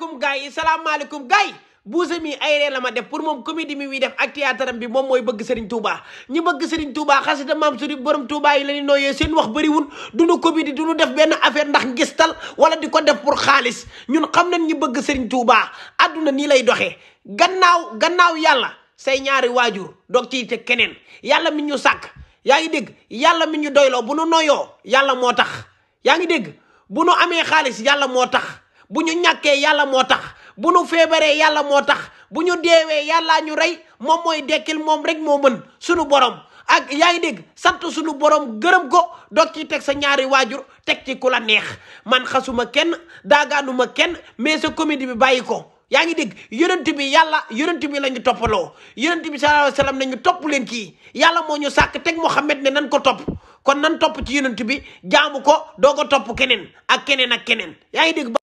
salaamaaleykum gars yi salaamaaleykum gars yi buuse mi ay ree la ma def pour moom comédie mi muy def ak théâtre bi moom mooy bëgg Serigne Touba ñi bëgg Serigne Touba xasida maam suri borom Touba yi la ñu nooyee seen wax bëriwul duñu comédie duñu def benn affaire ndax ngistal wala di ko def pour xaalis ñun xam nañ ñi bëgg Serigne Touba àdduna nii lay doxee gannaaw gannaaw yàlla say ñaari waajur doog ciy te keneen yàlla mi ñu sàkk yaa ngi dégg yàlla mi ñu doyloo bu nu noyoo yàlla moo tax yaa ngi dégg bu nu amee xaalis yàlla moo tax bu ñu ñàkkee yàlla moo tax bu ñu feebaree yàlla moo tax bu ñu deewee yàllaa ñu rey moom mooy dekkil moom rek moo mën sunu borom ak yaa ngi dégg sant sunu borom gërëm ko doog ci teg sa ñaari waajur teg ci ku la neex man xasuma kenn daagaanuma kenn mais sa comédie bi bàyyi ko yaa ngi dégg yonent bi yàlla yonent bi la ñu toppaloo yonent bi sallallahu alayhi wasallam nañu topp leen kii yàlla moo ñu sàkk teg Muhammad ne nan ko topp kon nan topp ci yonent bi jaamu ko doo ko topp keneen ak keneen ak keneen yaa ngi dégg